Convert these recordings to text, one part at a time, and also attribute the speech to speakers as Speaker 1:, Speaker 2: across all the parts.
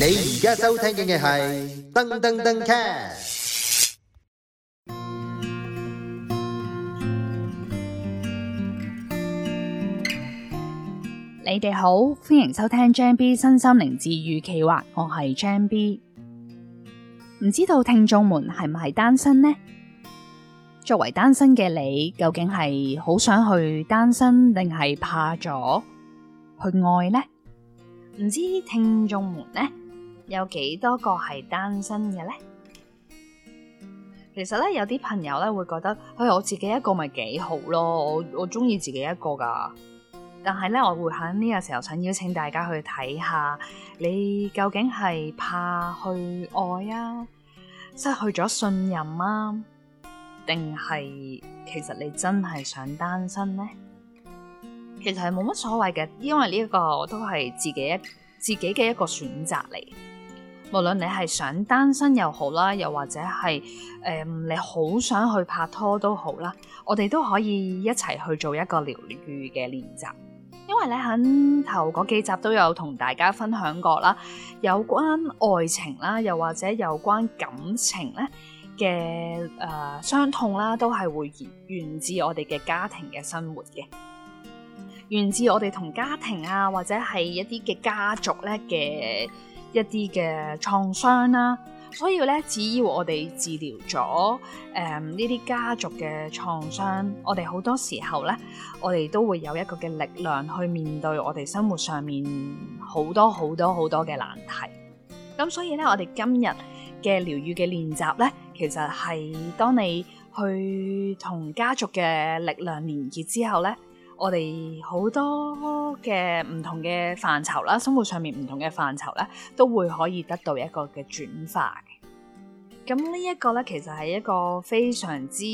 Speaker 1: 你而家收聽嘅係噔噔噔 cast。你哋好，歡迎收聽 Jam B 身心靈治愈企劃，我係 Jam B。唔知道聽眾們係唔係單身呢？作為單身嘅你，究竟係好想去單身，定係怕咗去愛呢？唔知聽眾們呢？有幾多個係單身嘅呢？其實咧，有啲朋友咧會覺得，佢、哎、我自己一個咪幾好咯，我我中意自己一個噶。但係咧，我會喺呢個時候想邀請大家去睇下，你究竟係怕去愛啊，失去咗信任啊，定係其實你真係想單身呢？其實係冇乜所謂嘅，因為呢一個都係自己一自己嘅一個選擇嚟。無論你係想單身又好啦，又或者係誒、呃、你好想去拍拖都好啦，我哋都可以一齊去做一個療愈嘅練習。因為咧喺頭嗰幾集都有同大家分享過啦，有關愛情啦，又或者有關感情咧嘅誒傷痛啦，都係會源自我哋嘅家庭嘅生活嘅，源自我哋同家庭啊，或者係一啲嘅家族咧嘅。一啲嘅創傷啦，所以咧，只要我哋治療咗誒呢啲家族嘅創傷，我哋好多時候咧，我哋都會有一個嘅力量去面對我哋生活上面好多好多好多嘅難題。咁所以咧，我哋今日嘅療癒嘅練習咧，其實係當你去同家族嘅力量連結之後咧。我哋好多嘅唔同嘅範疇啦，生活上面唔同嘅範疇咧，都會可以得到一個嘅轉化嘅。咁呢一個咧，其實係一個非常之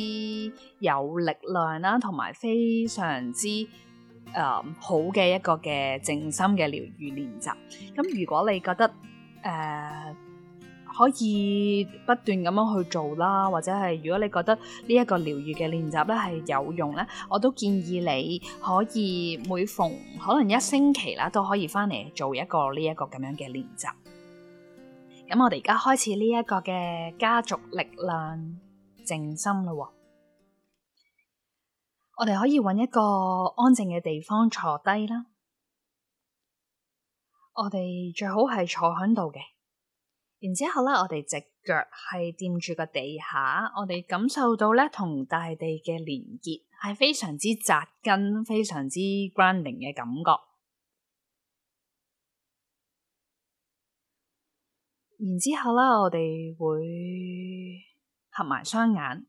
Speaker 1: 有力量啦，同埋非常之誒、呃、好嘅一個嘅靜心嘅療愈練習。咁如果你覺得誒，呃可以不斷咁樣去做啦，或者係如果你覺得呢一個療愈嘅練習咧係有用咧，我都建議你可以每逢可能一星期啦，都可以翻嚟做一個呢一個咁樣嘅練習。咁我哋而家開始呢一個嘅家族力量靜心啦喎。我哋可以搵一個安靜嘅地方坐低啦。我哋最好係坐喺度嘅。然之後咧，我哋隻腳係掂住個地下，我哋感受到咧同大地嘅連結係非常之扎根、非常之 grounding 嘅感覺。然之後咧，我哋會合埋雙眼，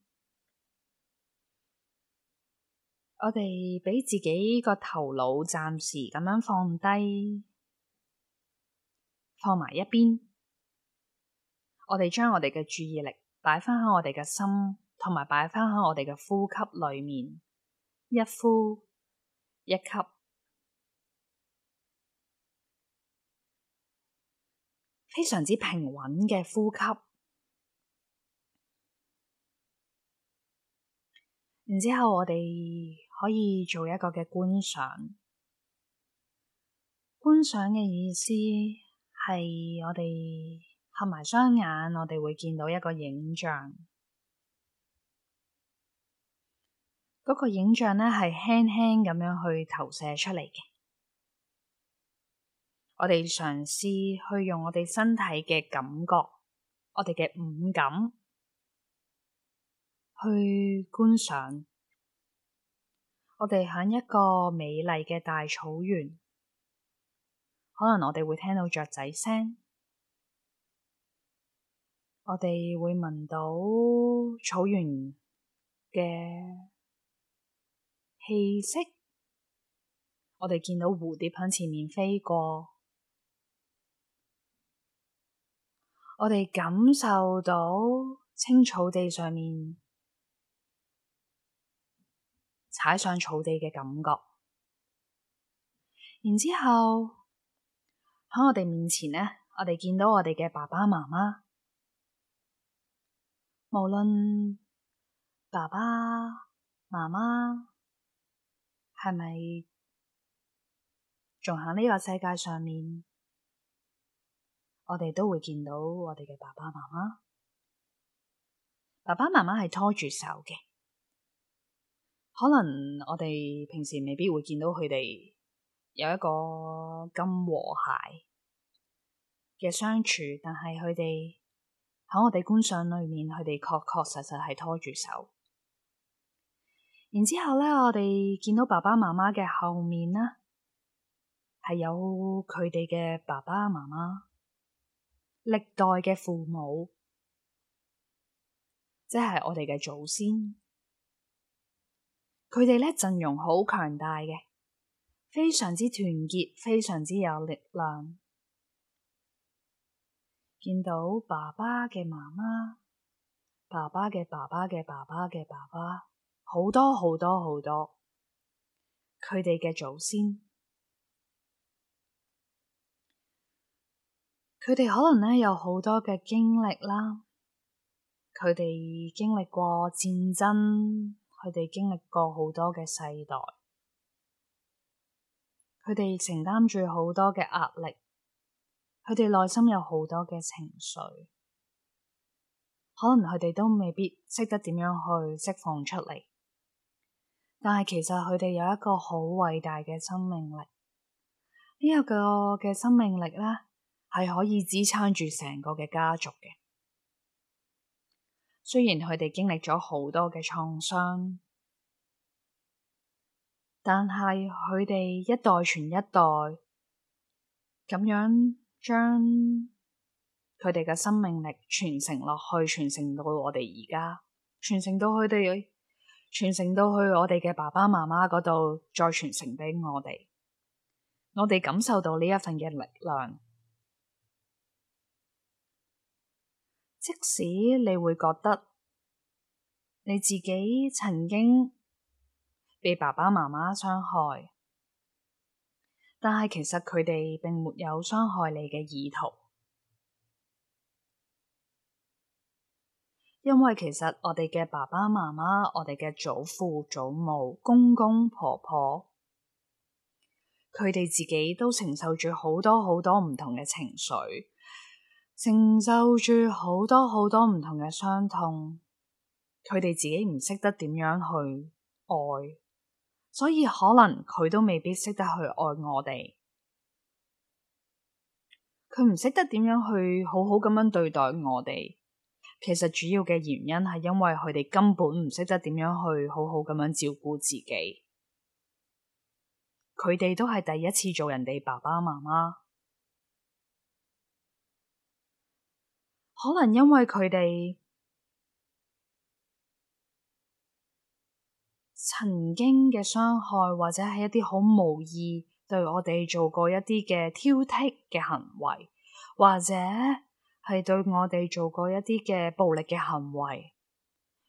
Speaker 1: 我哋俾自己個頭腦暫時咁樣放低，放埋一邊。我哋將我哋嘅注意力擺翻喺我哋嘅心，同埋擺翻喺我哋嘅呼吸裏面，一呼一吸，非常之平穩嘅呼吸。然之後我哋可以做一個嘅觀賞，觀賞嘅意思係我哋。合埋雙眼，我哋會見到一個影像。嗰個影像呢，係輕輕咁樣去投射出嚟嘅。我哋嘗試去用我哋身體嘅感覺，我哋嘅五感去觀賞。我哋響一個美麗嘅大草原，可能我哋會聽到雀仔聲。我哋會聞到草原嘅氣息，我哋見到蝴蝶喺前面飛過，我哋感受到青草地上面踩上草地嘅感覺。然之後喺我哋面前呢，我哋見到我哋嘅爸爸媽媽。無論爸爸媽媽係咪仲喺呢個世界上面，我哋都會見到我哋嘅爸爸媽媽。爸爸媽媽係拖住手嘅，可能我哋平時未必會見到佢哋有一個咁和諧嘅相處，但係佢哋。喺我哋觀賞裏面，佢哋確確確實實係拖住手。然之後咧，我哋見到爸爸媽媽嘅後面咧，係有佢哋嘅爸爸媽媽，歷代嘅父母，即係我哋嘅祖先。佢哋咧，陣容好強大嘅，非常之團結，非常之有力量。見到爸爸嘅媽媽，爸爸嘅爸爸嘅爸爸嘅爸爸，好多好多好多，佢哋嘅祖先，佢哋可能呢有好多嘅經歷啦，佢哋經歷過戰爭，佢哋經歷過好多嘅世代，佢哋承擔住好多嘅壓力。佢哋內心有好多嘅情緒，可能佢哋都未必識得點樣去釋放出嚟。但係其實佢哋有一個好偉大嘅生命力，呢一個嘅生命力呢，係可以支撐住成個嘅家族嘅。雖然佢哋經歷咗好多嘅創傷，但係佢哋一代傳一代咁樣。將佢哋嘅生命力傳承落去，傳承到我哋而家，傳承到佢哋，傳承到去我哋嘅爸爸媽媽嗰度，再傳承俾我哋。我哋感受到呢一份嘅力量，即使你會覺得你自己曾經被爸爸媽媽傷害。但係其實佢哋並沒有傷害你嘅意圖，因為其實我哋嘅爸爸媽媽、我哋嘅祖父祖母、公公婆婆，佢哋自己都承受住好多好多唔同嘅情緒，承受住好多好多唔同嘅傷痛，佢哋自己唔識得點樣去愛。所以可能佢都未必識得去愛我哋，佢唔識得點樣去好好咁樣對待我哋。其實主要嘅原因係因為佢哋根本唔識得點樣去好好咁樣照顧自己。佢哋都係第一次做人哋爸爸媽媽，可能因為佢哋。曾經嘅傷害，或者係一啲好無意對我哋做過一啲嘅挑剔嘅行為，或者係對我哋做過一啲嘅暴力嘅行為，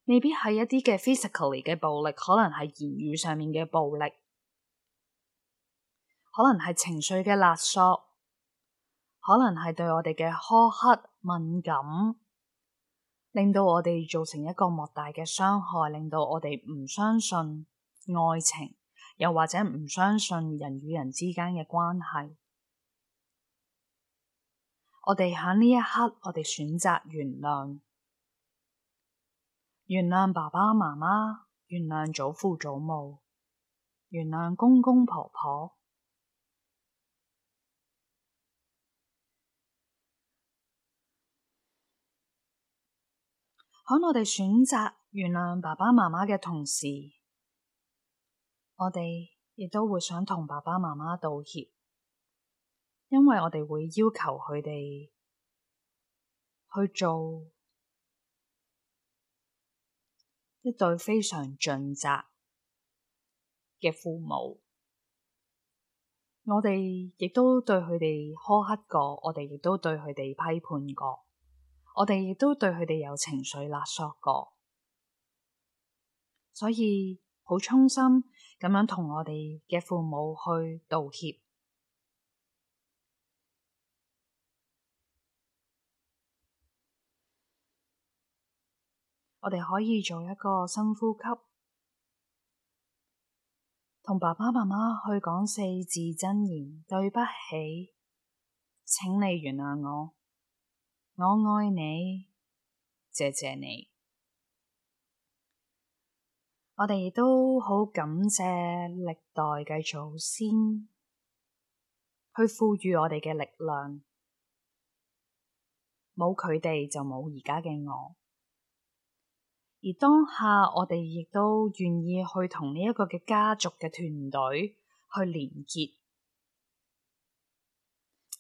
Speaker 1: 未必係一啲嘅 physically 嘅暴力，可能係言語上面嘅暴力，可能係情緒嘅勒索，可能係對我哋嘅苛刻敏感。令到我哋造成一個莫大嘅傷害，令到我哋唔相信愛情，又或者唔相信人與人之間嘅關係。我哋喺呢一刻，我哋選擇原諒，原諒爸爸媽媽，原諒祖父祖母，原諒公公婆婆婆。喺我哋選擇原諒爸爸媽媽嘅同時，我哋亦都會想同爸爸媽媽道歉，因為我哋會要求佢哋去做一對非常盡責嘅父母。我哋亦都對佢哋苛刻過，我哋亦都對佢哋批判過。我哋亦都對佢哋有情緒勒索過，所以好衷心咁樣同我哋嘅父母去道歉。我哋可以做一個深呼吸，同爸爸媽媽去講四字真言：對不起，請你原諒我。我愛你，謝謝你。我哋亦都好感謝歷代嘅祖先去賦予我哋嘅力量，冇佢哋就冇而家嘅我。而當下我哋亦都願意去同呢一個嘅家族嘅團隊去連結，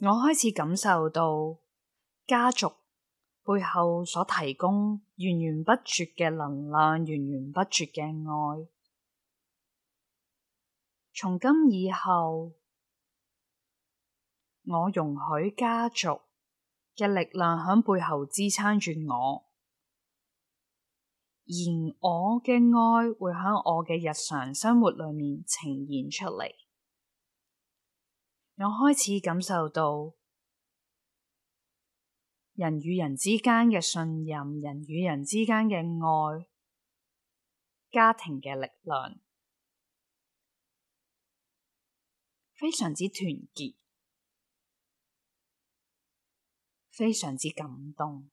Speaker 1: 我開始感受到。家族背後所提供源源不絕嘅能量，源源不絕嘅愛。從今以後，我容許家族嘅力量響背後支撐住我，而我嘅愛會響我嘅日常生活裏面呈現出嚟。我開始感受到。人與人之間嘅信任，人與人之間嘅愛，家庭嘅力量，非常之團結，非常之感動。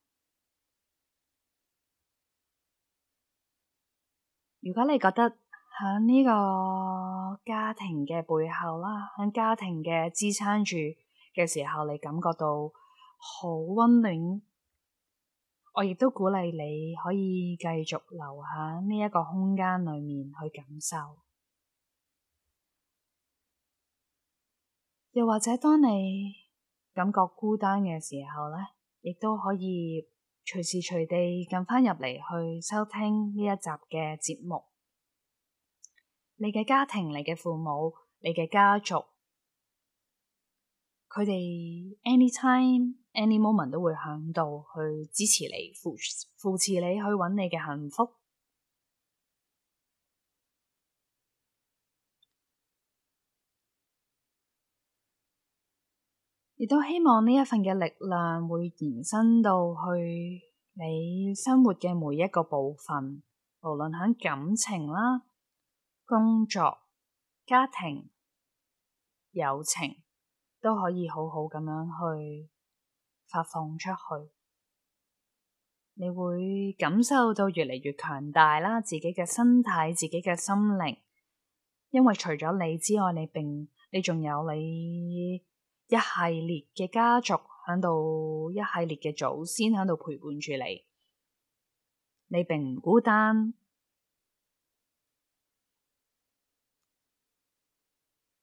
Speaker 1: 如果你覺得喺呢個家庭嘅背後啦，喺家庭嘅支撐住嘅時候，你感覺到。好溫暖，我亦都鼓勵你可以繼續留喺呢一個空間裏面去感受。又或者當你感覺孤單嘅時候呢，亦都可以隨時隨地撳返入嚟去收聽呢一集嘅節目。你嘅家庭，你嘅父母，你嘅家族。佢哋 anytime any moment 都會響度去支持你，扶扶持你去揾你嘅幸福。亦都希望呢一份嘅力量會延伸到去你生活嘅每一個部分，無論響感情啦、工作、家庭、友情，都可以好好咁樣去發放出去，你會感受到越嚟越強大啦。自己嘅身體，自己嘅心靈，因為除咗你之外，你並你仲有你一系列嘅家族響度，一系列嘅祖先響度陪伴住你，你並唔孤單。